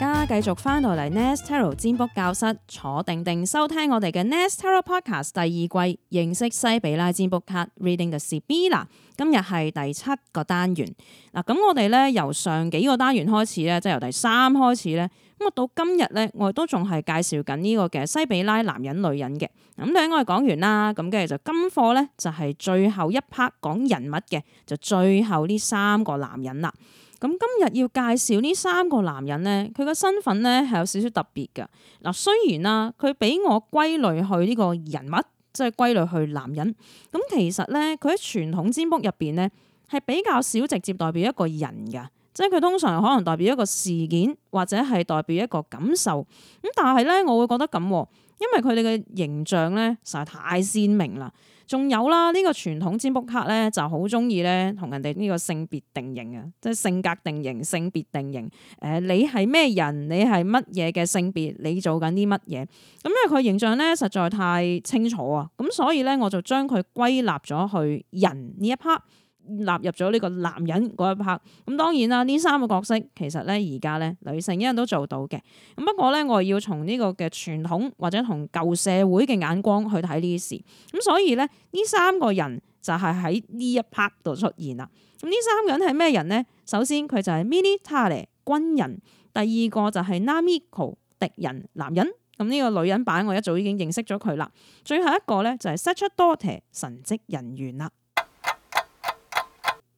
大家繼續翻到嚟 n e s t e r o 占卜教室坐定定收聽我哋嘅 n e s t e r o Podcast 第二季，認識西比拉占卜卡 Reading the Sibila。今日係第七個單元。嗱，咁我哋咧由上幾個單元開始咧，即係由第三開始咧，咁啊到今日咧，我哋都仲係介紹緊呢個嘅西比拉男人、女人嘅。咁頭先我哋講完啦，咁跟住就今課咧就係最後一 part 講人物嘅，就最後呢三個男人啦。咁今日要介紹呢三個男人咧，佢個身份咧係有少少特別㗎。嗱，雖然啦，佢俾我歸類去呢個人物，即係歸類去男人。咁其實咧，佢喺傳統占卜入邊咧，係比較少直接代表一個人㗎。即係佢通常可能代表一個事件或者係代表一個感受，咁但係咧我會覺得咁，因為佢哋嘅形象咧實在太鮮明啦。仲有啦，呢、這個傳統占卜卡咧就好中意咧同人哋呢個性別定型啊，即係性格定型、性別定型。誒、呃，你係咩人？你係乜嘢嘅性別？你做緊啲乜嘢？咁因為佢形象咧實在太清楚啊，咁所以咧我就將佢歸納咗去人呢一 part。納入咗呢個男人嗰一 part，咁當然啦，呢三個角色其實咧而家咧女性一樣都做到嘅，咁不過咧我要從呢個嘅傳統或者同舊社會嘅眼光去睇呢啲事，咁所以咧呢三個人就係喺呢一 part 度出現啦。咁呢三個人係咩人咧？首先佢就係 Military 軍人，第二個就係 Namiko 敵人男人，咁、這、呢個女人版我一早已經認識咗佢啦，最後一個咧就係 Sacerdote 神職人員啦。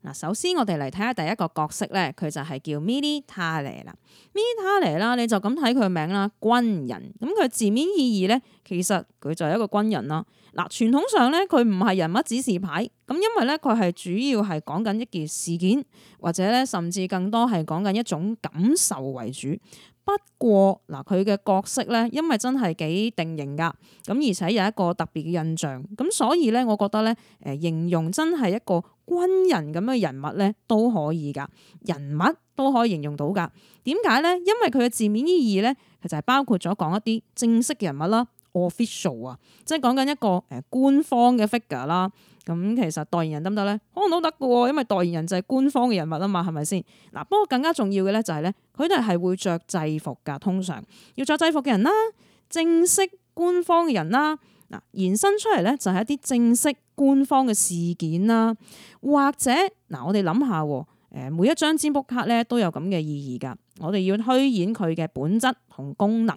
嗱，首先我哋嚟睇下第一個角色咧，佢就係叫 Militare 啦 Militare 啦，你就咁睇佢名啦，軍人。咁佢字面意義咧，其實佢就係一個軍人啦。嗱，傳統上咧，佢唔係人物指示牌，咁因為咧佢係主要係講緊一件事件，或者咧甚至更多係講緊一種感受為主。不過嗱，佢嘅角色咧，因為真係幾定型噶咁而且有一個特別嘅印象，咁所以咧，我覺得咧，誒，形容真係一個軍人咁嘅人物咧，都可以噶人物都可以形容到噶點解咧？因為佢嘅字面意義咧，其實係包括咗講一啲正式嘅人物啦，official 啊，即係講緊一個誒官方嘅 figure 啦。咁其實代言人得唔得咧？可能都得㗎，因為代言人就係官方嘅人物啊嘛，係咪先？嗱，不過更加重要嘅咧就係咧，佢哋係會着制服㗎，通常要着制服嘅人啦，正式官方嘅人啦，嗱延伸出嚟咧就係一啲正式官方嘅事件啦，或者嗱我哋諗下，誒每一張占卜卡咧都有咁嘅意義㗎，我哋要推演佢嘅本質同功能。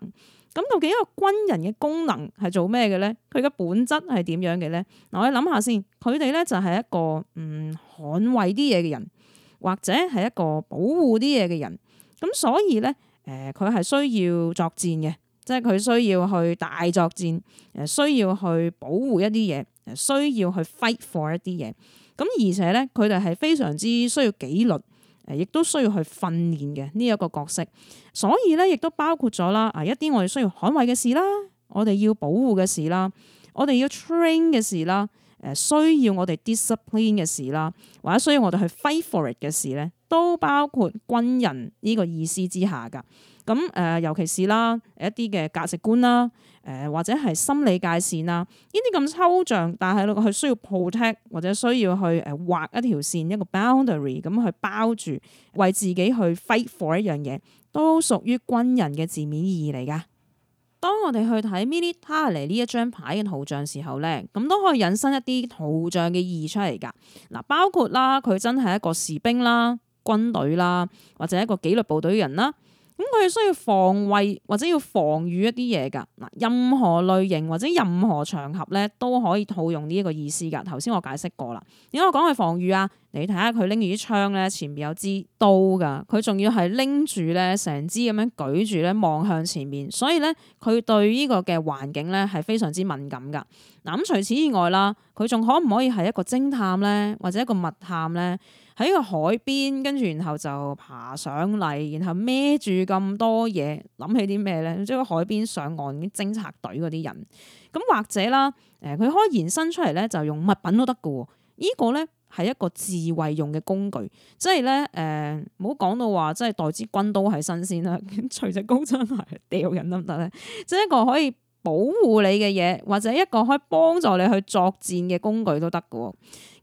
咁究竟一個軍人嘅功能係做咩嘅咧？佢嘅本質係點樣嘅咧？嗱，我諗下先，佢哋咧就係一個嗯捍衛啲嘢嘅人，或者係一個保護啲嘢嘅人。咁所以咧，誒佢係需要作戰嘅，即係佢需要去大作戰，誒需要去保護一啲嘢，需要去 fight for 一啲嘢。咁而且咧，佢哋係非常之需要紀律。亦都需要去訓練嘅呢一個角色，所以咧，亦都包括咗啦，啊一啲我哋需要捍衞嘅事啦，我哋要保護嘅事啦，我哋要 train 嘅事啦，誒需要我哋 discipline 嘅事啦，或者需要我哋去 fight for it 嘅事咧，都包括軍人呢個意思之下噶。咁誒、呃，尤其是啦，一啲嘅價值觀啦，誒、呃、或者係心理界線啦，呢啲咁抽象，但係佢需要 protect 或者需要去誒畫一條線一個 boundary 咁去包住，為自己去 fight for 一樣嘢，都屬於軍人嘅字面意義嚟噶。當我哋去睇 Military 嚟呢一張牌嘅圖像時候咧，咁都可以引申一啲圖像嘅意義出嚟噶。嗱，包括啦，佢真係一個士兵啦、軍隊啦，或者一個紀律部隊嘅人啦。咁佢需要防衛或者要防禦一啲嘢噶，嗱，任何類型或者任何場合咧都可以套用呢一個意思噶。頭先我解釋過啦，點解我講係防禦啊？你睇下佢拎住啲槍咧，前面有支刀噶，佢仲要係拎住咧，成支咁樣舉住咧，望向前面，所以咧佢對呢個嘅環境咧係非常之敏感噶。嗱，咁除此以外啦，佢仲可唔可以係一個偵探咧，或者一個密探咧？喺個海邊，跟住，然後就爬上嚟，然後孭住咁多嘢，諗起啲咩咧？即係個海邊上岸偵察隊嗰啲人，咁或者啦，誒、呃，佢可以延伸出嚟咧，就用物品都得㗎。這個、呢個咧，係一個智慧用嘅工具，即係咧，誒、呃，唔好講到話即係代之軍刀係新鮮啦，咁除隻高踭鞋掉人得唔得咧？即係一個可以。保護你嘅嘢，或者一個可以幫助你去作戰嘅工具都得㗎。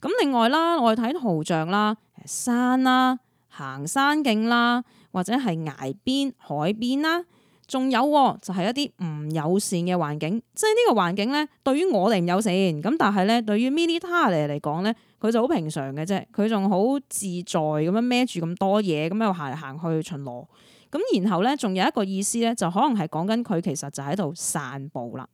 咁另外啦，我哋睇圖像啦，山啦，行山徑啦，或者係崖邊、海邊啦，仲有就係一啲唔友善嘅環境。即係呢個環境咧，對於我哋唔友善，咁但係咧，對於 military 嚟嚟講咧，佢就好平常嘅啫。佢仲好自在咁樣孭住咁多嘢，咁又行嚟行去巡邏。咁然後咧，仲有一個意思咧，就可能係講緊佢其實就喺度散步啦。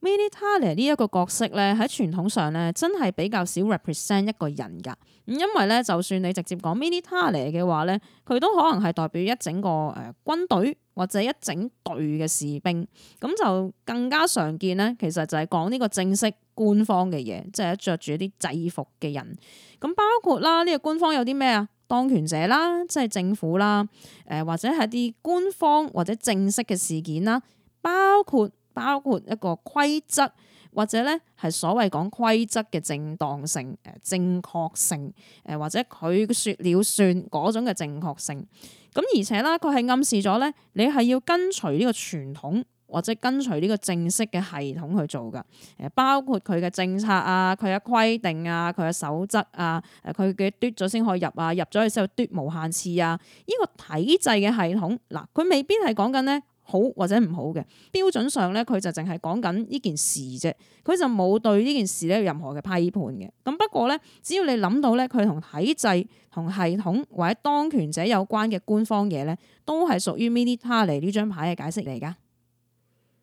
Military 呢一個角色咧，喺傳統上咧，真係比較少 represent 一個人㗎。咁因為咧，就算你直接講 Military 嘅話咧，佢都可能係代表一整個誒、呃、軍隊或者一整隊嘅士兵。咁就更加常見咧，其實就係講呢個正式官方嘅嘢，即係着住啲制服嘅人。咁包括啦，呢、這個官方有啲咩啊？當權者啦，即係政府啦，誒、呃、或者係啲官方或者正式嘅事件啦，包括包括一個規則，或者咧係所謂講規則嘅正當性、誒正確性，誒、呃、或者佢説了算嗰種嘅正確性。咁、呃、而且啦，佢係暗示咗咧，你係要跟隨呢個傳統。或者跟隨呢個正式嘅系統去做㗎，誒包括佢嘅政策啊，佢嘅規定啊，佢嘅守則啊，誒佢嘅奪咗先可以入啊，入咗先可以奪無限次啊。呢個體制嘅系統嗱，佢未必係講緊咧好或者唔好嘅標準上咧，佢就淨係講緊呢件事啫，佢就冇對呢件事咧有任何嘅批判嘅。咁不過咧，只要你諗到咧，佢同體制同系統或者當權者有關嘅官方嘢咧，都係屬於 media power 呢張牌嘅解釋嚟噶。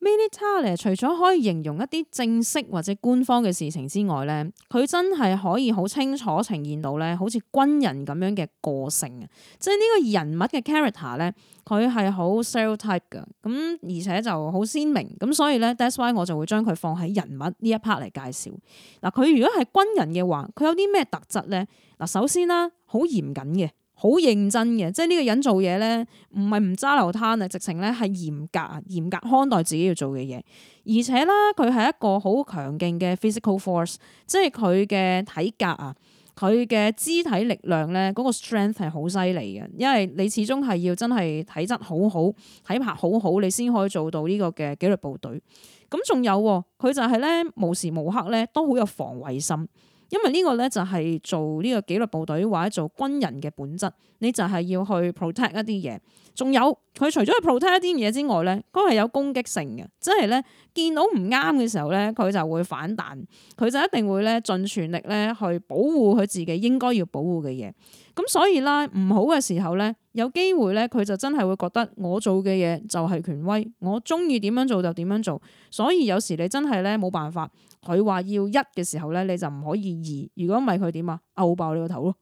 Military 除咗可以形容一啲正式或者官方嘅事情之外咧，佢真係可以好清楚呈現到咧，好似軍人咁樣嘅個性啊，即係呢個人物嘅 character 咧，佢係好 sale type 嘅，咁而且就好鮮明，咁所以咧，that's why 我就會將佢放喺人物呢一 part 嚟介紹嗱。佢如果係軍人嘅話，佢有啲咩特質咧？嗱，首先啦，好嚴謹嘅。好認真嘅，即係呢個人做嘢呢，唔係唔揸流灘啊，直情呢係嚴格嚴格看待自己要做嘅嘢，而且啦，佢係一個好強勁嘅 physical force，即係佢嘅體格啊，佢嘅肢體力量呢，嗰個 strength 係好犀利嘅，因為你始終係要真係體質好好、體魄好好，你先可以做到呢個嘅紀律部隊。咁仲有佢就係呢，無時無刻呢都好有防衞心。因為呢個咧就係做呢個紀律部隊或者做軍人嘅本質，你就係要去 protect 一啲嘢。仲有佢除咗去 protect 一啲嘢之外咧，佢係有攻擊性嘅，即係咧見到唔啱嘅時候咧，佢就會反彈，佢就一定會咧盡全力咧去保護佢自己應該要保護嘅嘢。咁所以啦，唔好嘅時候咧，有機會咧，佢就真係會覺得我做嘅嘢就係權威，我中意點樣做就點樣做。所以有時你真係咧冇辦法。佢話要一嘅時候咧，你就唔可以二。如果唔係，佢點啊？拗爆你個頭咯！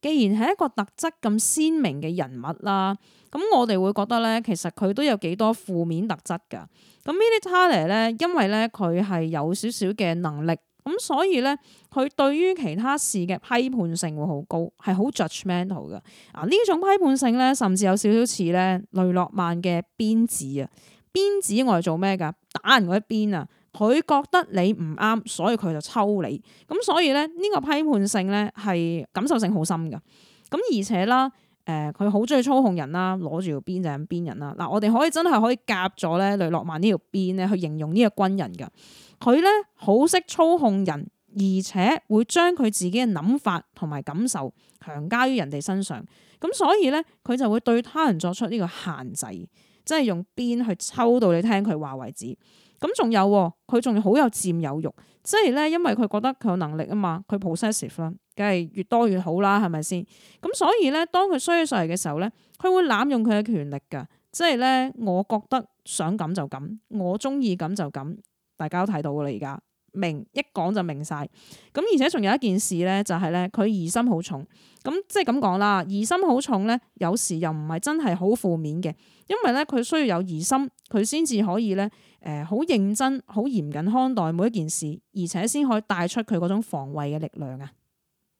既然係一個特質咁鮮明嘅人物啦，咁我哋會覺得咧，其實佢都有幾多負面特質嘅。咁 Mediterr 咧，因為咧佢係有少少嘅能力，咁所以咧佢對於其他事嘅批判性會好高，係好 judgmental 嘅。啊，呢種批判性咧，甚至有少少似咧雷諾曼嘅鞭子啊！鞭子我係做咩噶？打人嗰一鞭啊！佢覺得你唔啱，所以佢就抽你。咁所以咧，呢個批判性咧係感受性好深嘅。咁而且啦，誒佢好中意操控人啦，攞住條鞭就咁鞭人啦。嗱，我哋可以真係可以夾咗咧雷諾曼呢條鞭咧，去形容呢個軍人嘅。佢咧好識操控人，而且會將佢自己嘅諗法同埋感受強加於人哋身上。咁所以咧，佢就會對他人作出呢個限制，即係用鞭去抽到你聽佢話為止。咁仲有佢，仲好有佔有慾，即係咧，因為佢覺得佢有能力啊嘛，佢 possessive 啦，梗係越多越好啦，係咪先？咁所以咧，當佢衰起上嚟嘅時候咧，佢會濫用佢嘅權力噶，即係咧，我覺得想咁就咁，我中意咁就咁，大家都睇到噶啦，而家明一講就明晒。咁而且仲有一件事咧，就係咧，佢疑心好重。咁即係咁講啦，疑心好重咧，有時又唔係真係好負面嘅，因為咧，佢需要有疑心，佢先至可以咧。誒，好、呃、認真、好嚴謹看待每一件事，而且先可以帶出佢嗰種防衛嘅力量啊。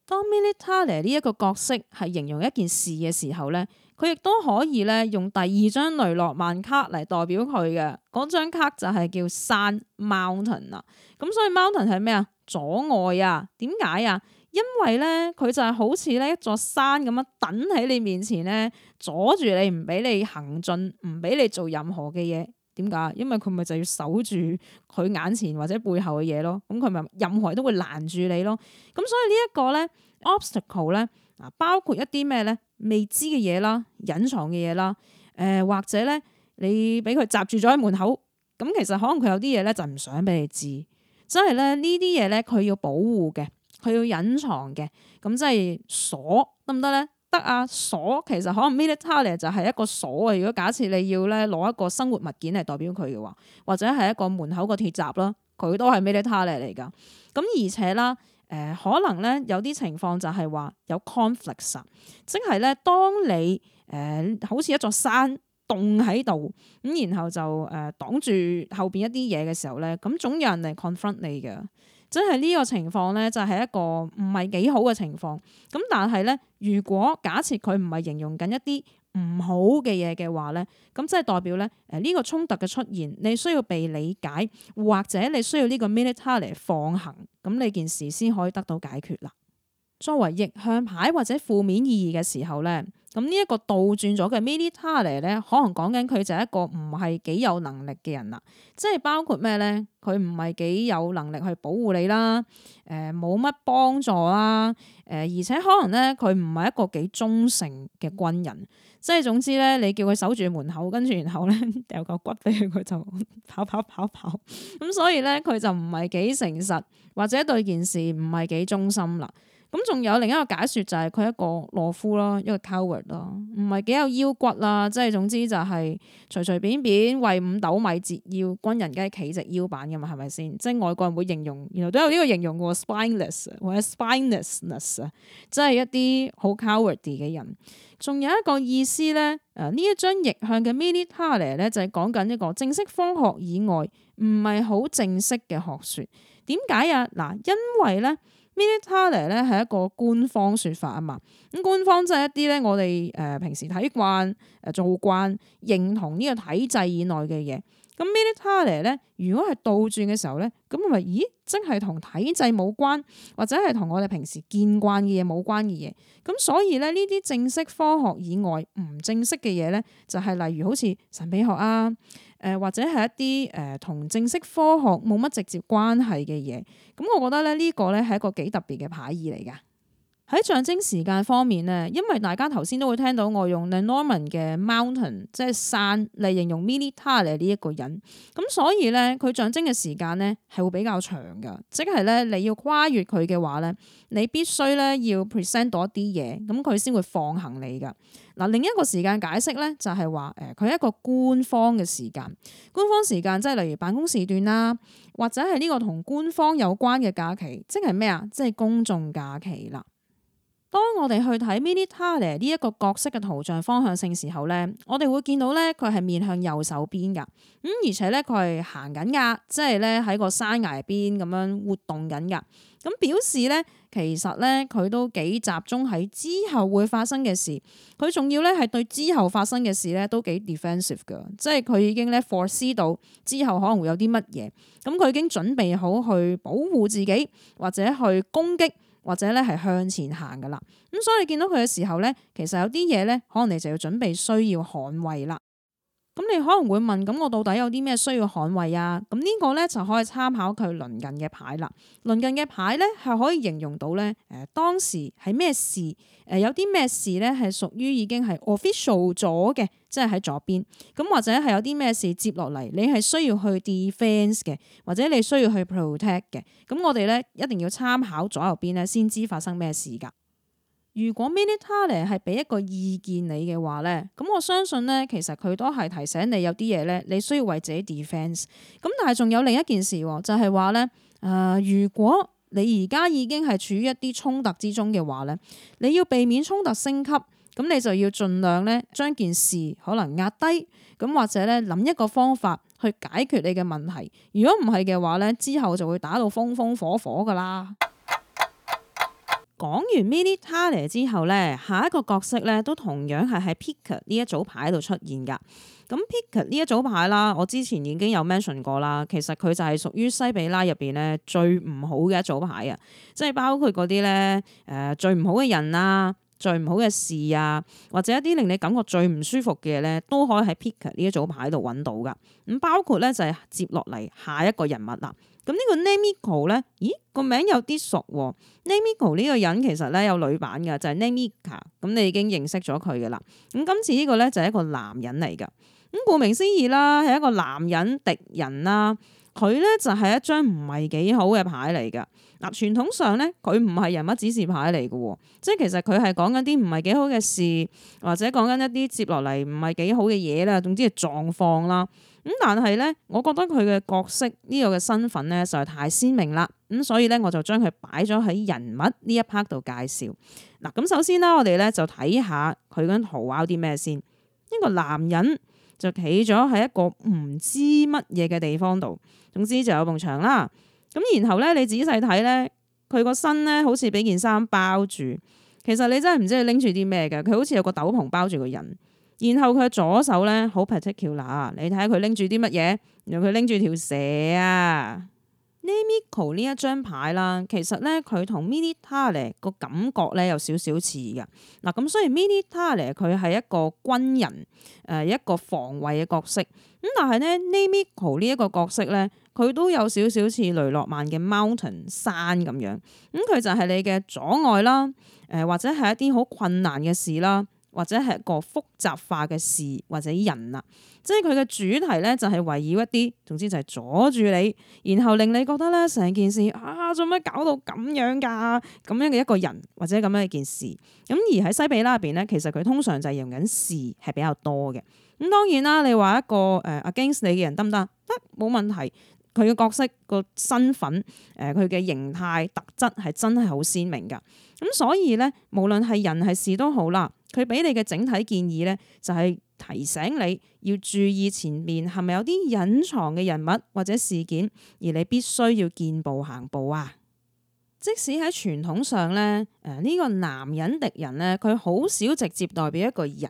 當 militar 嚟呢一個角色係形容一件事嘅時候咧，佢亦都可以咧用第二張雷諾曼卡嚟代表佢嘅，嗰張卡就係叫山 mountain 啦。咁所以 mountain 係咩啊？阻礙啊？點解啊？因為咧，佢就係好似咧一座山咁樣等喺你面前咧，阻住你唔俾你行進，唔俾你做任何嘅嘢。點解？因為佢咪就要守住佢眼前或者背後嘅嘢咯，咁佢咪任何都會攔住你咯。咁所以呢一個咧 obstacle 咧，啊包括一啲咩咧未知嘅嘢啦、隱藏嘅嘢啦，誒、呃、或者咧你俾佢閘住咗喺門口，咁其實可能佢有啲嘢咧就唔想俾你知，即係咧呢啲嘢咧佢要保護嘅，佢要隱藏嘅，咁即係鎖得唔得咧？行得啊，鎖其實可能 metaphor 就係一個鎖啊。如果假設你要咧攞一個生活物件嚟代表佢嘅話，或者係一個門口個鐵閘啦，佢都係 metaphor 嚟噶。咁而且啦，誒、呃、可能咧有啲情況就係話有 conflict，即係咧當你誒、呃、好似一座山棟喺度咁，然後就誒擋住後邊一啲嘢嘅時候咧，咁總有人嚟 confront 你嘅。真係呢個情況咧，就係一個唔係幾好嘅情況。咁但係咧，如果假設佢唔係形容緊一啲唔好嘅嘢嘅話咧，咁即係代表咧，誒呢個衝突嘅出現，你需要被理解，或者你需要呢個 mediator 嚟放行，咁呢件事先可以得到解決啦。作為逆向牌或者負面意義嘅時候咧。咁呢一個倒轉咗嘅 military 咧，可能講緊佢就係一個唔係幾有能力嘅人啦，即係包括咩咧？佢唔係幾有能力去保護你啦，誒、呃，冇乜幫助啦，誒、呃，而且可能咧佢唔係一個幾忠誠嘅軍人，即係總之咧，你叫佢守住門口，跟住然後咧掉嚿骨俾佢佢就跑跑跑跑，咁 所以咧佢就唔係幾誠實，或者對件事唔係幾忠心啦。咁仲有另一個解説就係佢一個懦夫咯，一個 coward 咯，唔係幾有腰骨啦，即係總之就係隨隨便便為五斗米折腰，軍人梗係企直腰板㗎嘛，係咪先？即係外國人會形容，原來都有呢個形容嘅，spineless 或者 spinelessness，即係一啲好 coward 嘅人。仲有一個意思咧，誒呢一張逆向嘅 military 咧，就係、是、講緊一個正式科學以外唔係好正式嘅學説。點解啊？嗱，因為咧。Military 咧係一個官方說法啊嘛，咁官方即係一啲咧，我哋誒平時睇慣、誒做慣、認同呢個體制以內嘅嘢。咁 Military 咧，如果係倒轉嘅時候咧，咁咪咦，即係同體制冇關，或者係同我哋平時見慣嘅嘢冇關嘅嘢。咁所以咧，呢啲正式科學以外唔正式嘅嘢咧，就係例如好似神祕學啊。誒或者係一啲誒同正式科學冇乜直接關係嘅嘢，咁我覺得咧呢個咧係一個幾特別嘅牌意嚟嘅。喺象徵時間方面呢，因為大家頭先都會聽到我用 Norman 嘅 mountain 即係山嚟形容 Militare 呢一個人，咁所以咧佢象徵嘅時間咧係會比較長嘅，即係咧你要跨越佢嘅話咧，你必須咧要 present 到一啲嘢，咁佢先會放行你嘅。嗱，另一個時間解釋咧，就係話誒，佢、呃、一個官方嘅時間，官方時間即係例如辦公時段啦，或者係呢個同官方有關嘅假期，即係咩啊？即係公眾假期啦。當我哋去睇 Minutalia 呢一個角色嘅圖像方向性時候咧，我哋會見到咧，佢係面向右手邊㗎，咁而且咧佢係行緊㗎，即係咧喺個山崖邊咁樣活動緊㗎。咁表示咧，其實咧佢都幾集中喺之後會發生嘅事，佢仲要咧係對之後發生嘅事咧都幾 defensive 噶，即係佢已經咧 foresee 到之後可能會有啲乜嘢，咁佢已經準備好去保護自己，或者去攻擊，或者咧係向前行嘅啦。咁所以你見到佢嘅時候咧，其實有啲嘢咧，可能你就要準備需要捍衞啦。咁你可能會問，咁我到底有啲咩需要捍衞啊？咁呢個咧就可以參考佢鄰近嘅牌啦。鄰近嘅牌咧係可以形容到咧，誒、呃、當時係咩事，誒、呃、有啲咩事咧係屬於已經係 official 咗嘅，即係喺左邊。咁或者係有啲咩事接落嚟，你係需要去 defense 嘅，或者你需要去 protect 嘅。咁我哋咧一定要參考左右邊咧，先知發生咩事㗎。如果 Minit Harley 係俾一個意見你嘅話咧，咁我相信咧，其實佢都係提醒你有啲嘢咧，你需要為自己 defense。咁但係仲有另一件事喎，就係話咧，誒、呃，如果你而家已經係處於一啲衝突之中嘅話咧，你要避免衝突升級，咁你就要盡量咧將件事可能壓低，咁或者咧諗一個方法去解決你嘅問題。如果唔係嘅話咧，之後就會打到風風火火㗎喇。講完 Milton Harley 之後咧，下一個角色咧都同樣係喺 Picker 呢一組牌度出現噶。咁 Picker 呢一組牌啦，我之前已經有 mention 過啦。其實佢就係屬於西比拉入邊咧最唔好嘅一組牌啊！即係包括嗰啲咧誒最唔好嘅人啊、最唔好嘅事啊，或者一啲令你感覺最唔舒服嘅嘢咧，都可以喺 Picker 呢一組牌度揾到噶。咁包括咧就係、是、接落嚟下一個人物啦。咁呢個 Namiko 咧，咦，個名有啲熟喎。Namiko 呢個人其實咧有女版嘅，就係 Namika。咁你已經認識咗佢嘅啦。咁今次呢個咧就係一個男人嚟嘅。咁顧名思義啦，係一個男人敵人啦。佢咧就係一張唔係幾好嘅牌嚟嘅。嗱，傳統上咧，佢唔係人物指示牌嚟嘅，即係其實佢係講緊啲唔係幾好嘅事，或者講緊一啲接落嚟唔係幾好嘅嘢啦，總之係狀況啦。咁但係咧，我覺得佢嘅角色呢個嘅身份咧實在太鮮明啦，咁所以咧我就將佢擺咗喺人物呢一 part 度介紹。嗱，咁首先啦，我哋咧就睇下佢跟圖講啲咩先。一個男人就企咗喺一個唔知乜嘢嘅地方度，總之就有埲牆啦。咁然後咧，你仔細睇咧，佢個身咧好似俾件衫包住，其實你真係唔知佢拎住啲咩嘅，佢好似有個斗篷包住個人。然後佢左手咧好 particular，你睇下佢拎住啲乜嘢，然後佢拎住條蛇啊。Namiko 呢一張牌啦，其實咧佢同 Minitare 個感覺咧有少少似嘅。嗱咁，雖然 Minitare 佢係一個軍人誒、呃、一個防衛嘅角色，咁但係咧 Namiko 呢一、這個角色咧。佢都有少少似雷諾曼嘅 mountain 山咁樣，咁佢就係你嘅阻礙啦，誒或者係一啲好困難嘅事啦，或者係一個複雜化嘅事或者人啊，即係佢嘅主題咧就係圍繞一啲，總之就係阻住你，然後令你覺得咧成件事啊做咩搞到咁樣噶，咁樣嘅一個人或者咁樣一件事，咁而喺西比拉入邊咧，其實佢通常就係用緊事係比較多嘅，咁當然啦，你話一個誒、呃、against 你嘅人得唔得？得，冇問題。佢嘅角色、個身份、誒佢嘅形態特質係真係好鮮明嘅。咁所以咧，無論係人係事都好啦，佢俾你嘅整體建議咧，就係提醒你要注意前面係咪有啲隱藏嘅人物或者事件，而你必須要見步行步啊。即使喺傳統上咧，誒、這、呢個男人敵人咧，佢好少直接代表一個人。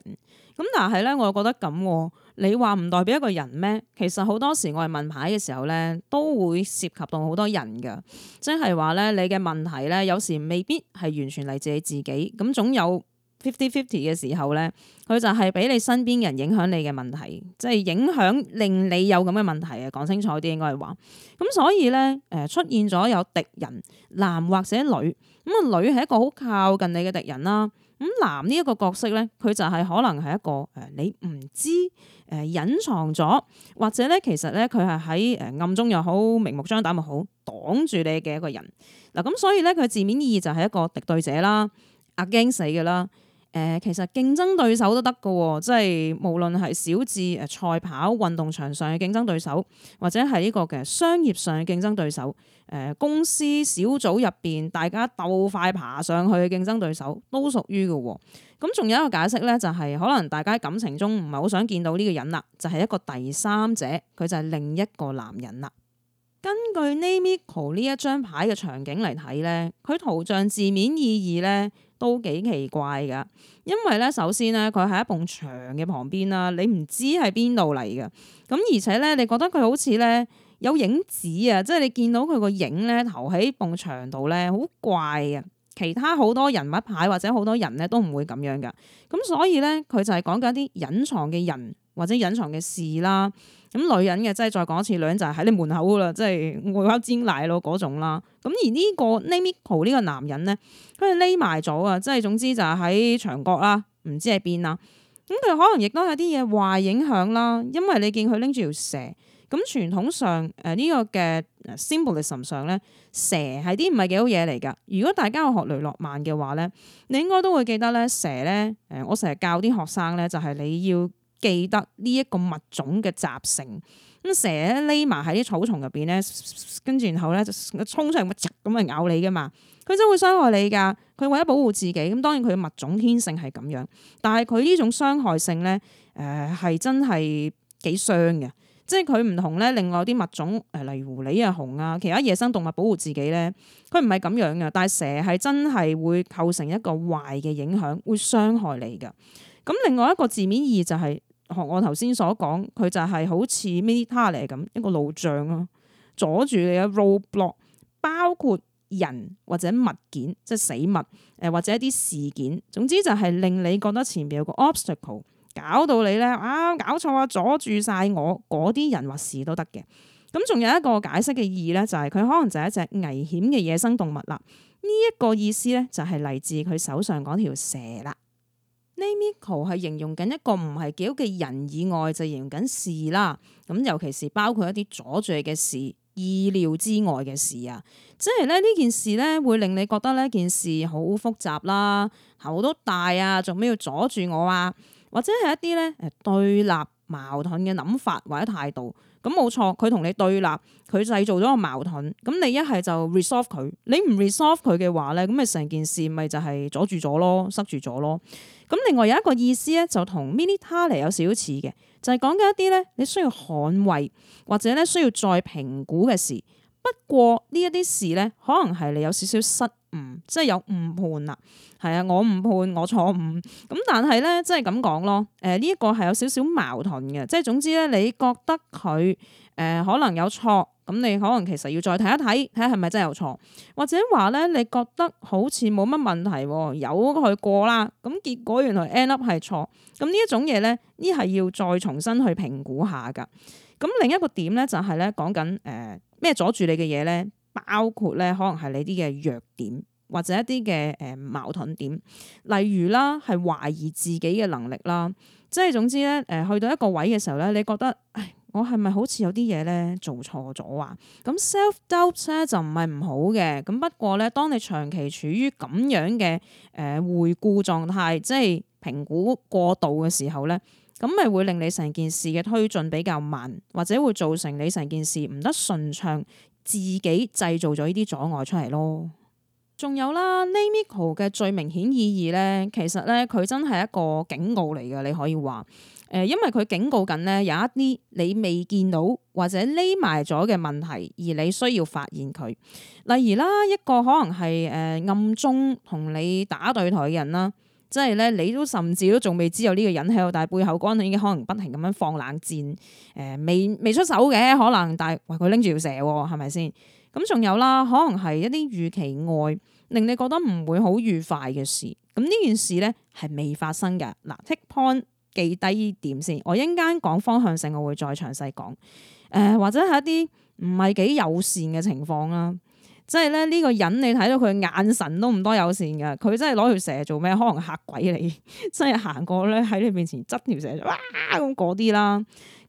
咁但係咧，我又覺得咁，你話唔代表一個人咩？其實好多時我哋問牌嘅時候咧，都會涉及到好多人噶，即係話咧，你嘅問題咧，有時未必係完全嚟自你自己，咁總有 fifty fifty 嘅時候咧，佢就係俾你身邊人影響你嘅問題，即係影響令你有咁嘅問題嘅。講清楚啲應該係話，咁所以咧，誒出現咗有敵人男或者女，咁啊女係一個好靠近你嘅敵人啦。咁男呢一個角色咧，佢就係可能係一個誒、呃，你唔知誒、呃、隱藏咗，或者咧其實咧佢係喺誒暗中又好，明目張膽又好，擋住你嘅一個人嗱。咁、呃、所以咧佢字面意義就係一個敵對者啦，阿驚死㗎啦。誒，其實競爭對手都得嘅，即係無論係小至、誒賽跑運動場上嘅競爭對手，或者係呢個嘅商業上嘅競爭對手，誒、呃、公司小組入邊大家鬥快爬上去嘅競爭對手都屬於嘅。咁仲有一個解釋咧、就是，就係可能大家喺感情中唔係好想見到呢個人啦，就係、是、一個第三者，佢就係另一個男人啦。根據 Namico 呢一張牌嘅場景嚟睇咧，佢圖像字面意義咧。都幾奇怪噶，因為咧，首先咧，佢喺一埲牆嘅旁邊啦，你唔知係邊度嚟噶，咁而且咧，你覺得佢好似咧有影子啊，即係你見到佢個影咧投喺埲牆度咧，好怪啊！其他好多人物牌或者好多人咧都唔會咁樣噶，咁所以咧，佢就係講緊一啲隱藏嘅人。或者隱藏嘅事啦，咁、嗯、女人嘅真係再講一次，女人就係喺你門口噶啦，即係外包煎奶咯嗰種啦。咁而呢個 Nico 呢個男人咧，佢匿埋咗啊！即係總之就係喺牆角啦，唔知喺邊啦。咁、嗯、佢可能亦都有啲嘢壞影響啦，因為你見佢拎住條蛇。咁傳統上誒呢、呃這個嘅 symbolism 上咧，蛇係啲唔係幾好嘢嚟噶。如果大家有學雷諾曼嘅話咧，你應該都會記得咧，蛇咧誒，我成日教啲學生咧，就係你要。記得呢一個物種嘅習性，咁蛇匿埋喺啲草叢入邊咧，跟住然後咧就衝出嚟咁啊咬你噶嘛，佢真會傷害你噶。佢為咗保護自己，咁當然佢物種天性係咁樣，但係佢呢種傷害性咧，誒、呃、係真係幾傷嘅。即係佢唔同咧，另外啲物種，誒例如狐狸啊、熊啊，其他野生動物保護自己咧，佢唔係咁樣噶。但係蛇係真係會構成一個壞嘅影響，會傷害你噶。咁另外一個字面意就係、是、學我頭先所講，佢就係好似 miter 咁一個路障咯，阻住你嘅 roadblock，包括人或者物件，即係死物，誒或者一啲事件，總之就係令你覺得前邊有個 obstacle，搞到你咧啊搞錯啊，阻住晒我嗰啲人或事都得嘅。咁仲有一個解釋嘅意咧、就是，就係佢可能就係一隻危險嘅野生動物啦。呢、這、一個意思咧，就係嚟自佢手上嗰條蛇啦。Nico a m 係形容緊一個唔係幾好嘅人以外，就形容緊事啦。咁尤其是包括一啲阻住嘅事、意料之外嘅事啊，即係咧呢件事咧會令你覺得呢件事好複雜啦，頭都大啊，做咩要阻住我啊？或者係一啲咧誒對立矛盾嘅諗法或者態度。咁冇錯，佢同你對立，佢製造咗個矛盾。咁你一係就 resolve 佢，你唔 resolve 佢嘅話咧，咁咪成件事咪就係阻住咗咯，塞住咗咯。咁另外有一個意思咧，就同 mini tally 有少少似嘅，就係講緊一啲咧你需要捍衞或者咧需要再評估嘅事。不過呢一啲事咧，可能係你有少少失。即係有誤判啦，係啊，我誤判，我錯誤。咁但係咧，即係咁講咯，誒呢一個係有少少矛盾嘅，即係總之咧，你覺得佢誒、呃、可能有錯，咁你可能其實要再睇一睇，睇下係咪真係有錯，或者話咧，你覺得好似冇乜問題，由佢過啦，咁結果原來 end up 係錯，咁呢一種嘢咧，呢係要再重新去評估下噶。咁另一個點咧就係、是、咧，講緊誒咩阻住你嘅嘢咧？包括咧，可能係你啲嘅弱點，或者一啲嘅誒矛盾點，例如啦，係懷疑自己嘅能力啦，即係總之咧，誒去到一個位嘅時候咧，你覺得，唉，我係咪好似有啲嘢咧做錯咗啊？咁 self doubt 咧就唔係唔好嘅，咁不過咧，當你長期處於咁樣嘅誒、呃、回顧狀態，即係評估過度嘅時候咧，咁咪會令你成件事嘅推進比較慢，或者會造成你成件事唔得順暢。自己製造咗呢啲阻礙出嚟咯，仲有啦，Nico 嘅最明顯意義咧，其實咧佢真係一個警告嚟嘅，你可以話，誒、呃，因為佢警告緊咧有一啲你未見到或者匿埋咗嘅問題，而你需要發現佢。例如啦，一個可能係誒、呃、暗中同你打對台嘅人啦。即係咧，你都甚至都仲未知有呢個人喺度，但係背後幹係已經可能不停咁樣放冷箭，誒、呃、未未出手嘅可能，但係佢拎住條蛇喎，係咪先？咁仲有啦，可能係一啲預期外令你覺得唔會好愉快嘅事，咁呢件事咧係未發生嘅。嗱、呃、take point 記低點先，我一陣間講方向性，我會再詳細講，誒、呃、或者係一啲唔係幾友善嘅情況啦。即係咧，呢個人你睇到佢眼神都唔多友善噶佢真係攞條蛇做咩？可能嚇鬼你，真係行過咧喺你面前執條蛇，哇，咁嗰啲啦。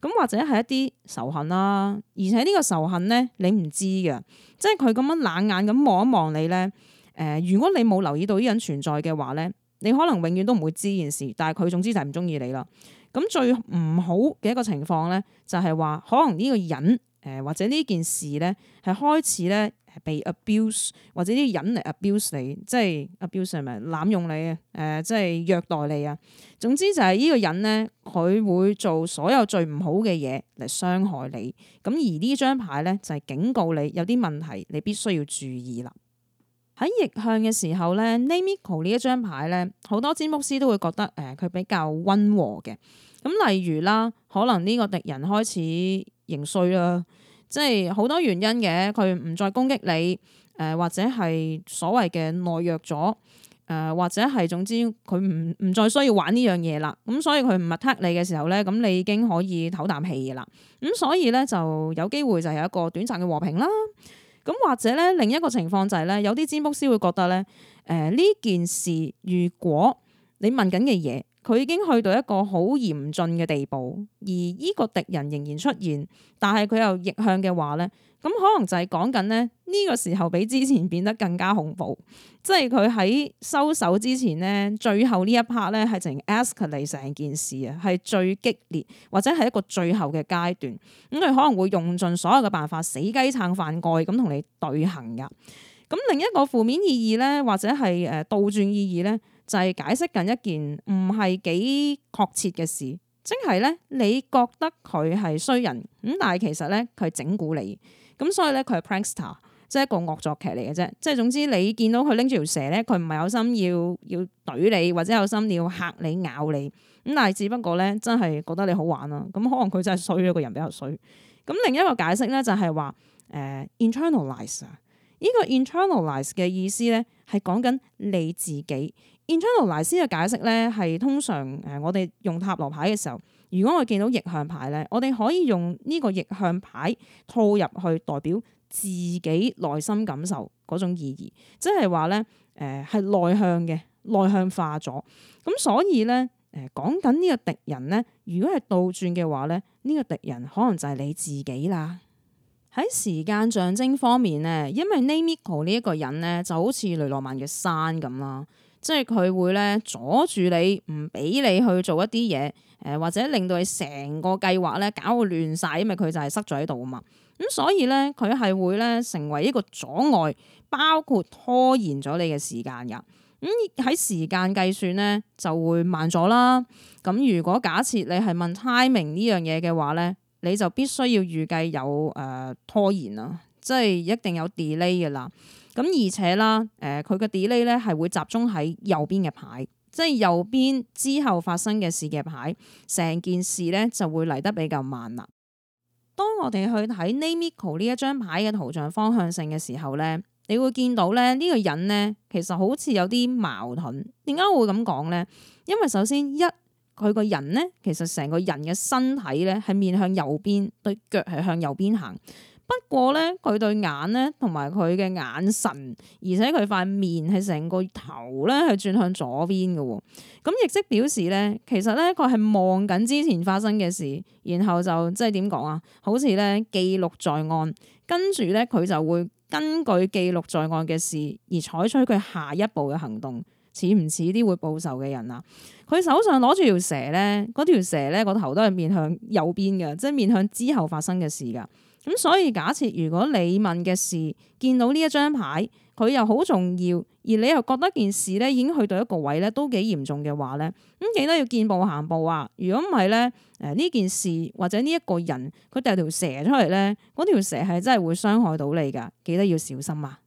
咁或者係一啲仇恨啦，而且呢個仇恨咧你唔知嘅，即係佢咁樣冷眼咁望一望你咧。誒、呃，如果你冇留意到呢人存在嘅話咧，你可能永遠都唔會知件事。但係佢總之就係唔中意你啦。咁最唔好嘅一個情況咧，就係話可能呢個人。誒或者呢件事咧係開始咧被 abuse，或者啲人嚟 abuse 你，即係 abuse 係咪濫用你？誒即係虐待你啊！總之就係呢個人咧，佢會做所有最唔好嘅嘢嚟傷害你。咁而呢張牌咧就係警告你有啲問題，你必須要注意啦。喺逆向嘅時候咧，Namico 呢一張牌咧，好多占卜師都會覺得誒佢比較溫和嘅。咁例如啦，可能呢個敵人開始。形衰啦，即係好多原因嘅，佢唔再攻擊你，誒、呃、或者係所謂嘅懦弱咗，誒、呃、或者係總之佢唔唔再需要玩呢樣嘢啦，咁、嗯、所以佢唔 attack 你嘅時候咧，咁、嗯、你已經可以唞啖氣嘅啦，咁、嗯、所以咧就有機會就係一個短暫嘅和平啦，咁、嗯、或者咧另一個情況就係、是、咧有啲占卜師會覺得咧，誒、呃、呢件事如果你問緊嘅嘢。佢已經去到一個好嚴峻嘅地步，而依個敵人仍然出現，但係佢又逆向嘅話咧，咁可能就係講緊咧呢個時候比之前變得更加恐怖，即係佢喺收手之前咧，最後呢一 part 咧係成 escalate 成件事啊，係最激烈或者係一個最後嘅階段，咁佢可能會用盡所有嘅辦法死雞撐飯蓋咁同你對行㗎，咁另一個負面意義咧或者係誒、倒轉意義咧。就係解釋緊一件唔係幾確切嘅事，即係咧你覺得佢係衰人咁，但係其實咧佢整蠱你，咁所以咧佢係 prankster，即係一個惡作劇嚟嘅啫。即係總之你見到佢拎住條蛇咧，佢唔係有心要要懟你或者有心要嚇你咬你咁，但係只不過咧真係覺得你好玩啦。咁可能佢真係衰咗個人比較衰。咁另一個解釋咧就係話誒 internalize 啊，依、呃 internal 呢個 internalize 嘅意思咧係講緊你自己。Internalize 嘅解釋咧，係通常誒，我哋用塔羅牌嘅時候，如果我見到逆向牌咧，我哋可以用呢個逆向牌套入去代表自己內心感受嗰種意義，即係話咧誒，係、呃、內向嘅，內向化咗。咁所以咧誒，講緊呢個敵人咧，如果係倒轉嘅話咧，呢、呢個敵人可能就係你自己啦。喺時間象徵方面咧，因為 Nico 呢一個人咧，就好似雷諾曼嘅山咁啦。即係佢會咧阻住你，唔俾你去做一啲嘢，誒或者令到你成個計劃咧搞到亂晒，因為佢就係塞咗喺度啊嘛。咁所以咧，佢係會咧成為一個阻礙，包括拖延咗你嘅時間噶。咁、嗯、喺時間計算咧就會慢咗啦。咁如果假設你係問 timing 呢樣嘢嘅話咧，你就必須要預計有誒、呃、拖延啊，即係一定有 delay 嘅啦。咁而且啦，誒佢嘅 delay 咧係會集中喺右邊嘅牌，即係右邊之後發生嘅事嘅牌，成件事咧就會嚟得比較慢啦。當我哋去睇 Namico 呢一張牌嘅圖像方向性嘅時候咧，你會見到咧呢個人咧其實好似有啲矛盾。點解會咁講咧？因為首先一佢個人咧，其實成個人嘅身體咧係面向右邊，對腳係向右邊行。不過咧，佢對眼咧，同埋佢嘅眼神，而且佢塊面係成個頭咧係轉向左邊嘅喎。咁亦即表示咧，其實咧佢係望緊之前發生嘅事，然後就即係點講啊？好似咧記錄在案，跟住咧佢就會根據記錄在案嘅事而採取佢下一步嘅行動。似唔似啲會報仇嘅人啊？佢手上攞住條蛇咧，嗰條蛇咧個頭都係面向右邊嘅，即係面向之後發生嘅事㗎。咁所以，假設如果你問嘅事見到呢一張牌，佢又好重要，而你又覺得件事咧已經去到一個位咧都幾嚴重嘅話咧，咁記得要見步行步啊！如果唔係咧，誒呢件事或者呢一個人，佢掉條蛇出嚟咧，嗰條蛇係真係會傷害到你㗎，記得要小心啊！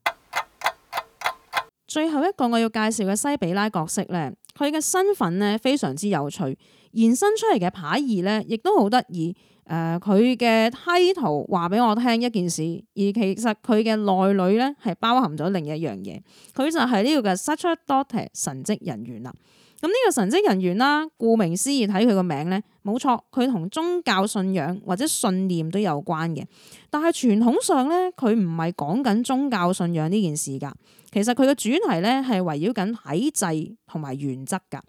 最後一個我要介紹嘅西比拉角色咧，佢嘅身份咧非常之有趣。延伸出嚟嘅牌意咧，亦都好得意。誒，佢嘅梯圖話俾我聽一件事，而其實佢嘅內裏咧係包含咗另一樣嘢。佢就係呢個嘅 sacerdote 神職人員啦。咁呢個神職人員啦，顧名思義睇佢個名咧，冇錯，佢同宗教信仰或者信念都有關嘅。但係傳統上咧，佢唔係講緊宗教信仰呢件事㗎。其實佢嘅主題咧係圍繞緊體制同埋原則㗎。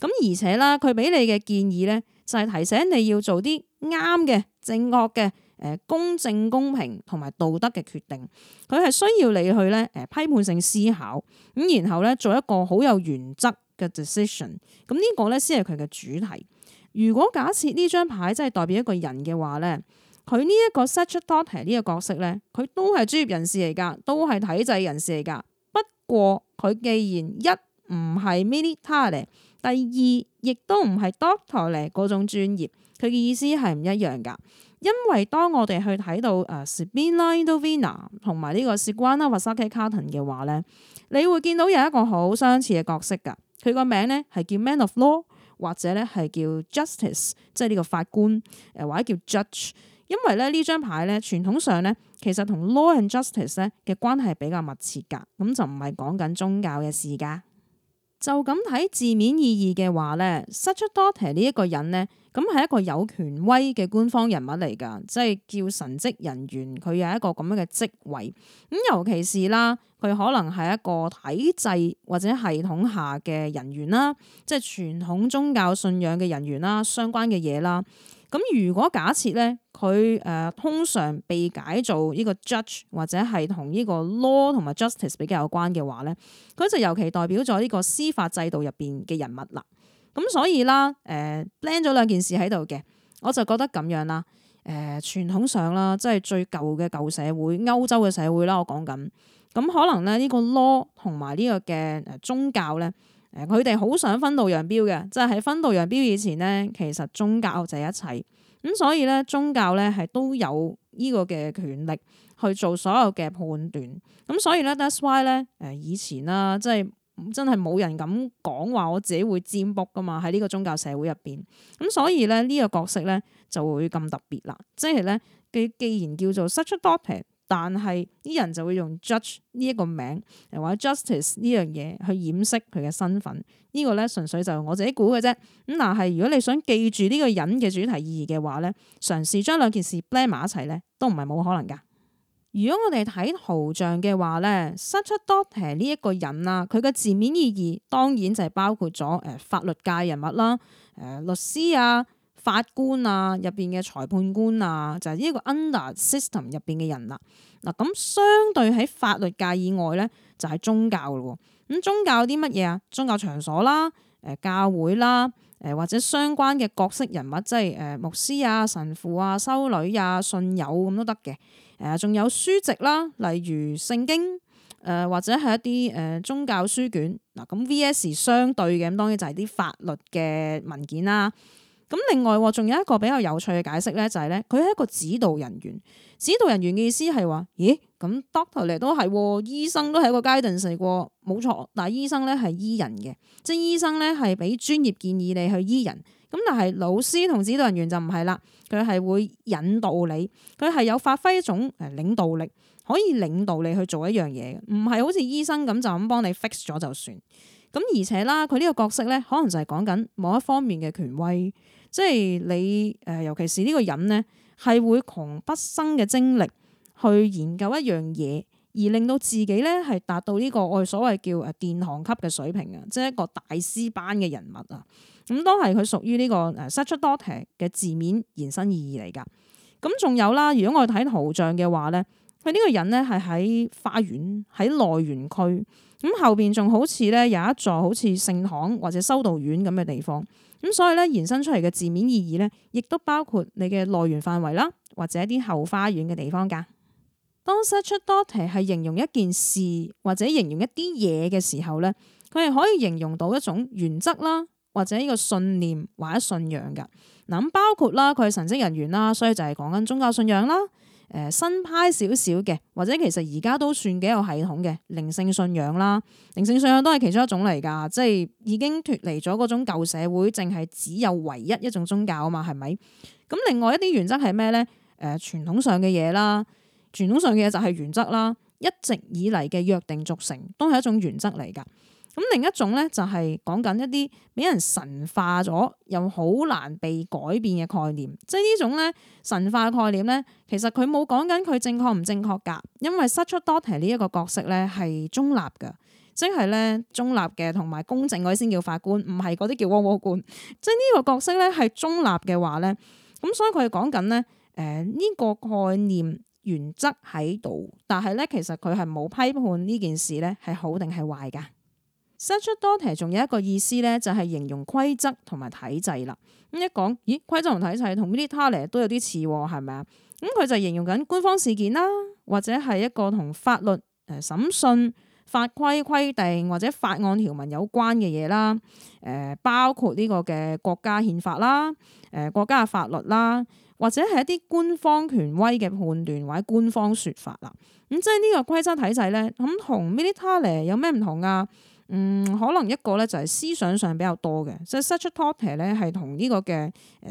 咁而且啦，佢俾你嘅建議咧，就係提醒你要做啲啱嘅正確嘅誒公正公平同埋道德嘅決定。佢係需要你去咧誒批判性思考咁，然後咧做一個好有原則嘅 decision。咁、這、呢個咧先係佢嘅主題。如果假設呢張牌真係代表一個人嘅話咧，佢呢一個 solicitor 呢個角色咧，佢都係專業人士嚟噶，都係體制人士嚟噶。不過佢既然一唔係 military 他第二，亦都唔係 Doctor 咧嗰種專業，佢嘅意思係唔一樣噶。因為當我哋去睇到誒 Sibilla Indovina 同埋呢個 Zigeuner Wahrsagekarten 嘅話咧，你會見到有一個好相似嘅角色噶。佢個名咧係叫 Man of Law 或者咧係叫 Justice，即係呢個法官誒或者叫 Judge。因為咧呢張牌咧傳統上咧其實同 Law and Justice 咧嘅關係比較密切噶，咁就唔係講緊宗教嘅事噶。就咁睇字面意義嘅話咧，失出多提呢一個人咧，咁係一個有權威嘅官方人物嚟㗎，即係叫神職人員，佢有一個咁樣嘅職位。咁尤其是啦，佢可能係一個體制或者系統下嘅人員啦，即係傳統宗教信仰嘅人員啦，相關嘅嘢啦。咁如果假設咧，佢誒通常被解做呢個 judge 或者係同呢個 law 同埋 justice 比較有關嘅話咧，佢就尤其代表咗呢個司法制度入邊嘅人物啦。咁所以啦，誒 blend 咗兩件事喺度嘅，我就覺得咁樣啦。誒、嗯、傳統上啦，即係最舊嘅舊社會、歐洲嘅社會啦，我講緊，咁、嗯、可能咧呢個 law 同埋呢個嘅宗教咧。誒佢哋好想分道揚鑣嘅，即係喺分道揚鑣以前咧，其實宗教就係一齊，咁所以咧，宗教咧係都有呢個嘅權力去做所有嘅判斷。咁所以咧 That's why 咧誒以前啦，即係真係冇人敢講話我自己會占卜噶嘛，喺呢個宗教社會入邊，咁所以咧呢、這個角色咧就會咁特別啦，即係咧既既然叫做 set up topic 但係啲人就會用 judge 呢一個名，或者 justice 呢樣嘢去掩飾佢嘅身份。這個、呢個咧純粹就我自己估嘅啫。咁嗱，係如果你想記住呢個人嘅主題意義嘅話咧，嘗試將兩件事 blend 埋一齊咧，都唔係冇可能噶。如果我哋睇圖像嘅話咧，伸出 dot 呢一個人啦，佢嘅字面意義當然就係包括咗誒、呃、法律界人物啦，誒、呃、律師啊。法官啊，入邊嘅裁判官啊，就係、是、呢個 under system 入邊嘅人啦、啊。嗱、嗯、咁相對喺法律界以外咧，就係、是、宗教咯。咁、嗯、宗教啲乜嘢啊？宗教場所啦，誒、呃、教會啦，誒、呃、或者相關嘅角色人物，即係誒牧師啊、神父啊、修女啊、信友咁都得嘅。誒、呃、仲有書籍啦，例如聖經，誒、呃、或者係一啲誒、呃、宗教書卷。嗱、嗯、咁 V S 相對嘅，咁當然就係啲法律嘅文件啦。咁另外仲有一個比較有趣嘅解釋咧，就係咧，佢係一個指導人員。指導人員嘅意思係話，咦，咁 doctor 嚟都係，醫生都係一個階段嚟㗎，冇錯。但係醫生咧係醫人嘅，即係醫生咧係俾專業建議你去醫人。咁但係老師同指導人員就唔係啦，佢係會引導你，佢係有發揮一種誒領導力，可以領導你去做一樣嘢嘅，唔係好似醫生咁就咁幫你 fix 咗就算。咁而且啦，佢呢個角色咧，可能就係講緊某一方面嘅權威，即係你誒，尤其是呢個人咧，係會窮畢生嘅精力去研究一樣嘢，而令到自己咧係達到呢個我哋所謂叫誒殿堂級嘅水平啊，即係一個大師班嘅人物啊。咁都係佢屬於呢個誒 such a dot 嘅字面延伸意義嚟㗎。咁仲有啦，如果我哋睇圖像嘅話咧，佢呢個人咧係喺花園喺內園區。咁後邊仲好似咧有一座好似聖堂或者修道院咁嘅地方，咁所以咧延伸出嚟嘅字面意義咧，亦都包括你嘅內園範圍啦，或者啲後花園嘅地方噶。當使出多提係形容一件事或者形容一啲嘢嘅時候咧，佢係可以形容到一種原則啦，或者呢個信念或者信仰噶。嗱咁包括啦，佢係神職人員啦，所以就係講緊宗教信仰啦。誒、呃、新派少少嘅，或者其實而家都算幾有系統嘅靈性信仰啦。靈性信仰都係其中一種嚟㗎，即係已經脫離咗嗰種舊社會，淨係只有唯一一種宗教啊嘛，係咪？咁另外一啲原則係咩咧？誒、呃、傳統上嘅嘢啦，傳統上嘅嘢就係原則啦，一直以嚟嘅約定俗成都係一種原則嚟㗎。咁另一種咧，就係講緊一啲俾人神化咗，又好難被改變嘅概念。即係呢種咧神化概念咧，其實佢冇講緊佢正確唔正確㗎，因為失出 dotter 呢一個角色咧係中立嘅，即係咧中立嘅同埋公正嗰啲先叫法官，唔係嗰啲叫窩窩官。即係呢個角色咧係中立嘅話咧，咁所以佢係講緊咧誒呢個概念原則喺度，但係咧其實佢係冇批判呢件事咧係好定係壞㗎。生出多嘅，仲有一個意思咧，就係形容規則同埋體制啦。咁一講，咦，規則同體制同 militarily 都有啲似，係咪啊？咁佢就形容緊官方事件啦，或者係一個同法律誒審訊法規規定或者法案條文有關嘅嘢啦。誒，包括呢個嘅國家憲法啦，誒國家嘅法律啦，或者係一啲官方權威嘅判斷或者官方說法啦。咁即係呢個規則體制咧，咁同 militarily 有咩唔同啊？嗯，可能一個咧就係思想上比較多嘅，即係 such a topic 咧係同呢個嘅誒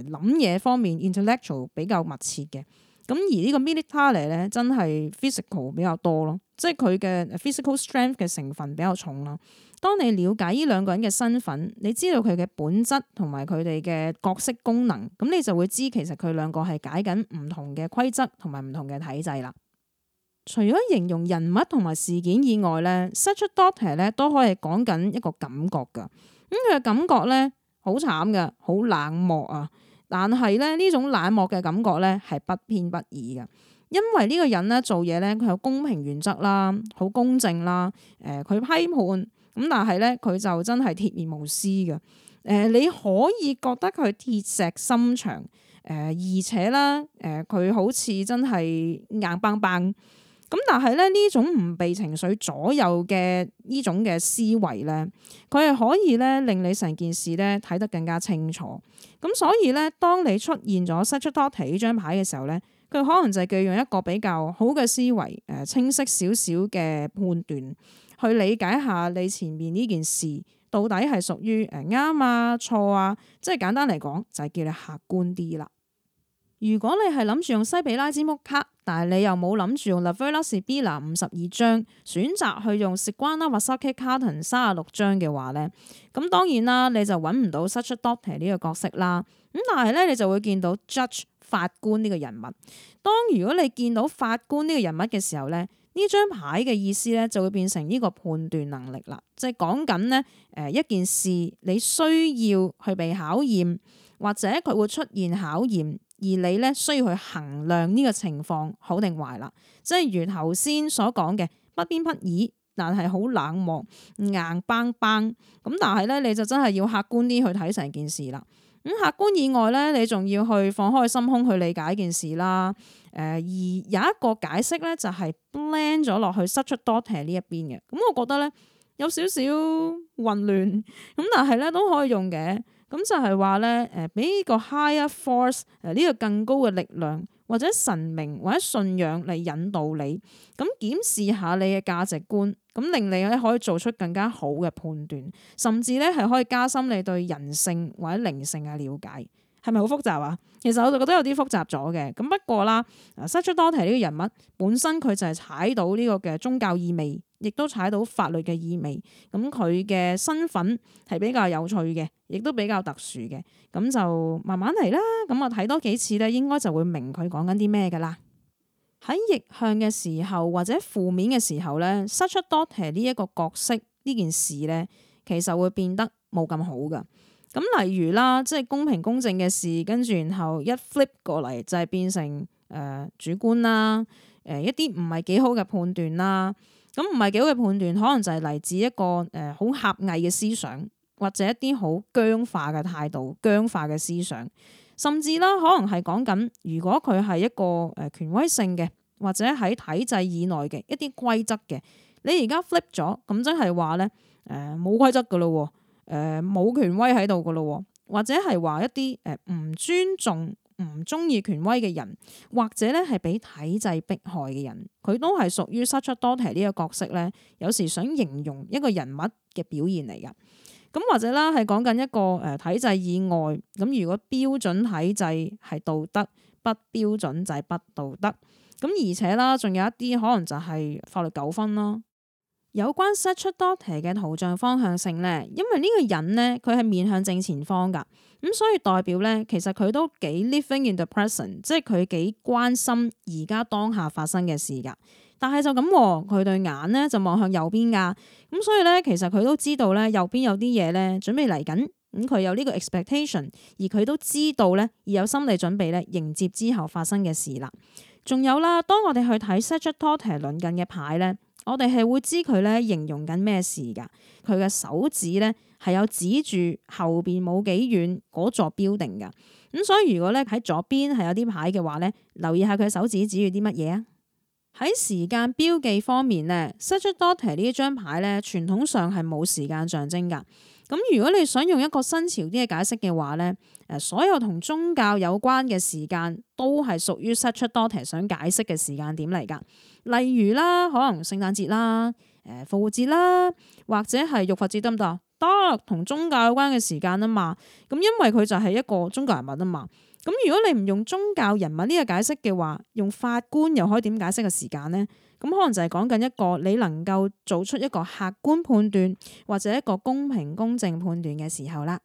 諗嘢方面 intellectual 比較密切嘅。咁而呢個 military 咧真係 physical 比較多咯，即係佢嘅 physical strength 嘅成分比較重啦。當你了解呢兩個人嘅身份，你知道佢嘅本質同埋佢哋嘅角色功能，咁你就會知其實佢兩個係解緊唔同嘅規則同埋唔同嘅體制啦。除咗形容人物同埋事件以外咧，such a doctor 咧都可以講緊一個感覺噶。咁佢嘅感覺咧，好慘噶，好冷漠啊。但係咧，呢種冷漠嘅感覺咧，係不偏不倚嘅，因為呢個人咧做嘢咧，佢有公平原則啦，好公正啦。誒、呃，佢批判咁，但係咧，佢就真係鐵面無私嘅。誒、呃，你可以覺得佢鐵石心腸，誒、呃，而且啦，誒、呃，佢好似真係硬邦邦。咁但係咧，呢種唔被情緒左右嘅呢種嘅思維咧，佢係可以咧令你成件事咧睇得更加清楚。咁所以咧，當你出現咗 such a thought 呢張牌嘅時候咧，佢可能就係佢用一個比較好嘅思維，誒，清晰少少嘅判斷去理解下你前面呢件事到底係屬於誒，啱啊錯啊。即係簡單嚟講，就係叫你客觀啲啦。如果你係諗住用西比拉占卜卡，但係你又冇諗住用 La Vera Sibilla 五十二張，選擇去用 Zigeuner 或 Wahrsagekarten 三啊六張嘅話咧，咁當然啦，你就揾唔到 Such a Doctor 呢個角色啦。咁但係咧，你就會見到 Judge 法官呢個人物。當如果你見到法官呢個人物嘅時候咧，呢張牌嘅意思咧就會變成呢個判斷能力啦，即係講緊呢誒一件事，你需要去被考驗，或者佢會出現考驗。而你咧需要去衡量呢個情況好定壞啦，即係如頭先所講嘅不偏不倚，但係好冷漠、硬邦邦。咁但係咧，你就真係要客觀啲去睇成件事啦。咁客觀以外咧，你仲要去放開心胸去理解一件事啦。誒、呃，而有一個解釋咧，就係、是、blend 咗落去，失出 dotting 呢一邊嘅。咁、嗯、我覺得咧有少少混亂，咁但係咧都可以用嘅。咁就係話咧，誒俾呢個 higher force，誒呢個更高嘅力量，或者神明或者信仰嚟引導你，咁檢視下你嘅價值觀，咁令你咧可以做出更加好嘅判斷，甚至咧係可以加深你對人性或者靈性嘅了解，係咪好複雜啊？其實我就覺得有啲複雜咗嘅，咁不過啦，啊塞出多提呢個人物本身佢就係踩到呢個嘅宗教意味。亦都踩到法律嘅意味，咁佢嘅身份係比較有趣嘅，亦都比較特殊嘅。咁就慢慢嚟啦。咁啊，睇多幾次咧，應該就會明佢講緊啲咩噶啦。喺逆向嘅時候或者負面嘅時候咧，失出多提呢一個角色呢件、這個、事咧，其實會變得冇咁好噶。咁例如啦，即係公平公正嘅事，跟住然後一 flip 過嚟就係、是、變成誒、呃、主觀啦，誒、呃、一啲唔係幾好嘅判斷啦。咁唔係幾好嘅判斷，可能就係嚟自一個誒好、呃、狹隘嘅思想，或者一啲好僵化嘅態度、僵化嘅思想，甚至啦，可能係講緊如果佢係一個誒、呃、權威性嘅，或者喺體制以內嘅一啲規則嘅，你而家 flip 咗咁，即係話咧誒冇規則噶咯，誒、呃、冇權威喺度噶咯，或者係話一啲誒唔尊重，唔中意權威嘅人，或者咧係俾體制迫害嘅人，佢都係屬於失出多提呢一個角色咧。有時想形容一個人物嘅表現嚟㗎，咁或者啦係講緊一個誒體制以外，咁如果標準體制係道德，不標準就係不道德。咁而且啦，仲有一啲可能就係法律糾紛咯。有關 such a dot 嘅圖像方向性咧，因為呢個人咧佢係面向正前方㗎，咁、嗯、所以代表咧其實佢都幾 living in the present，即係佢幾關心而家當下發生嘅事㗎。但係就咁，佢、哦、對眼咧就望向右邊㗎，咁、嗯、所以咧其實佢都知道咧右邊有啲嘢咧準備嚟緊，咁、嗯、佢有呢個 expectation，而佢都知道咧已有心理準備咧迎接之後發生嘅事啦。仲有啦，當我哋去睇 such a dot 嘅鄰近嘅牌咧，我哋係會知佢咧形容緊咩事㗎？佢嘅手指咧係有指住後邊冇幾遠嗰座標定㗎。咁、嗯、所以如果咧喺左邊係有啲牌嘅話咧，留意下佢嘅手指指住啲乜嘢啊？喺時間標記方面咧，such a daughter 呢張牌咧，傳統上係冇時間象徵㗎。咁、嗯、如果你想用一個新潮啲嘅解釋嘅話咧，誒、呃、所有同宗教有關嘅時間都係屬於 such a daughter 想解釋嘅時間點嚟㗎。例如啦，可能聖誕節啦、復活節啦，或者係浴佛節得唔得啊？得，同宗教有關嘅時間啊嘛。咁因為佢就係一個宗教人物啊嘛。咁如果你唔用宗教人物呢個解釋嘅話，用法官又可以點解釋個時間呢？咁可能就係講緊一個你能夠做出一個客觀判斷或者一個公平公正判斷嘅時候啦。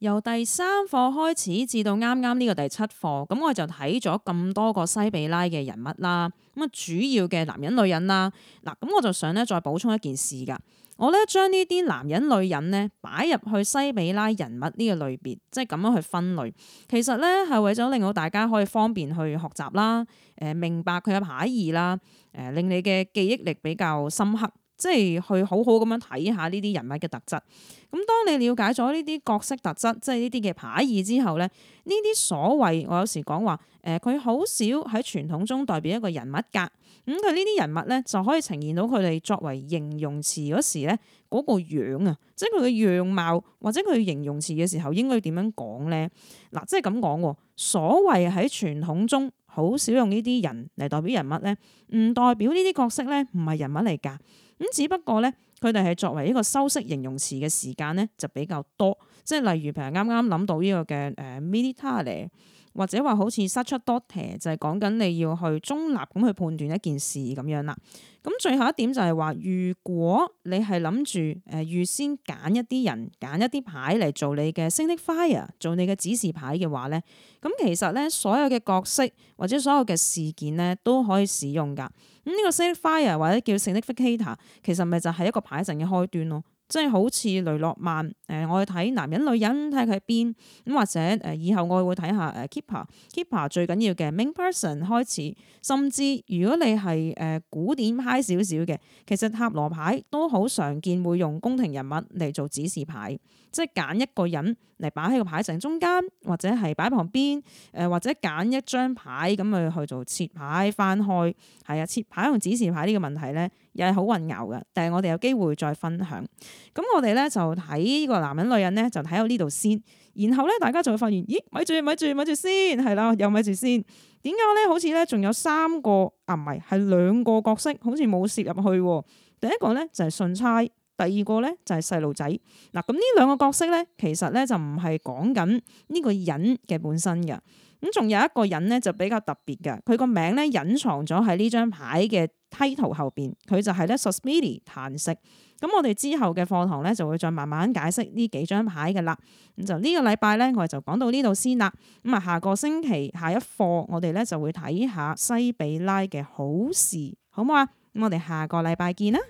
由第三課開始至到啱啱呢個第七課，咁我就睇咗咁多個西比拉嘅人物啦。咁啊，主要嘅男人女人啦，嗱，咁我就想咧再補充一件事噶，我咧將呢啲男人女人咧擺入去西比拉人物呢個類別，即係咁樣去分類。其實咧係為咗令到大家可以方便去學習啦，誒、呃，明白佢嘅牌意啦，誒、呃，令你嘅記憶力比較深刻。即係去好好咁樣睇下呢啲人物嘅特質。咁當你了解咗呢啲角色特質，即係呢啲嘅牌意之後咧，呢啲所謂我有時講話誒，佢、呃、好少喺傳統中代表一個人物㗎。咁佢呢啲人物咧，就可以呈現到佢哋作為形容詞嗰時咧嗰、嗰個樣啊，即係佢嘅樣貌或者佢形容詞嘅時候應該點樣講咧？嗱、呃，即係咁講喎，所謂喺傳統中好少用呢啲人嚟代表人物咧，唔代表呢啲角色咧，唔係人物嚟㗎。咁只不過咧，佢哋係作為一個修飾形容詞嘅時間咧，就比較多，即係例如譬如啱啱諗到呢個嘅誒 midnightly。或者話好似失出多嘅，就係講緊你要去中立咁去判斷一件事咁樣啦。咁最後一點就係話，如果你係諗住誒預先揀一啲人、揀一啲牌嚟做你嘅 signifier，做你嘅指示牌嘅話咧，咁其實咧所有嘅角色或者所有嘅事件咧都可以使用㗎。咁、這、呢個 signifier 或者叫 significator，其實咪就係一個牌陣嘅開端咯，即係好似雷諾曼。誒、呃，我去睇男人、女人，睇佢喺邊咁，或者誒、呃，以後我會睇下誒、呃、keeper，keeper 最緊要嘅 main person 開始，甚至如果你係誒、呃、古典派少少嘅，其實塔羅牌都好常見會用宮廷人物嚟做指示牌，即係揀一個人嚟擺喺個牌成中間，或者係擺喺旁邊，誒、呃、或者揀一張牌咁去去做切牌翻開，係啊，切牌用指示牌呢個問題咧，又係好混淆嘅，但係我哋有機會再分享。咁我哋咧就睇、這。個。男人、女人咧就睇到呢度先，然後咧大家就會發現，咦，咪住咪住咪住先，係啦，又咪住先。點解咧？好似咧，仲有三個啊，唔係係兩個角色，好似冇攝入去。第一個咧就係、是、信差，第二個咧就係細路仔。嗱，咁呢兩個角色咧，其實咧就唔係講緊呢個人嘅本身嘅。咁仲有一個人咧就比較特別嘅，佢個名咧隱藏咗喺呢張牌嘅梯圖後邊，佢就係咧 Susmiti 嘆食。咁我哋之後嘅課堂咧就會再慢慢解釋呢幾張牌㗎喇。咁就呢個禮拜咧，我哋就講到呢度先啦。咁啊，下個星期下一課，我哋咧就會睇下西比拉嘅好事，好唔好啊？咁我哋下個禮拜見啦。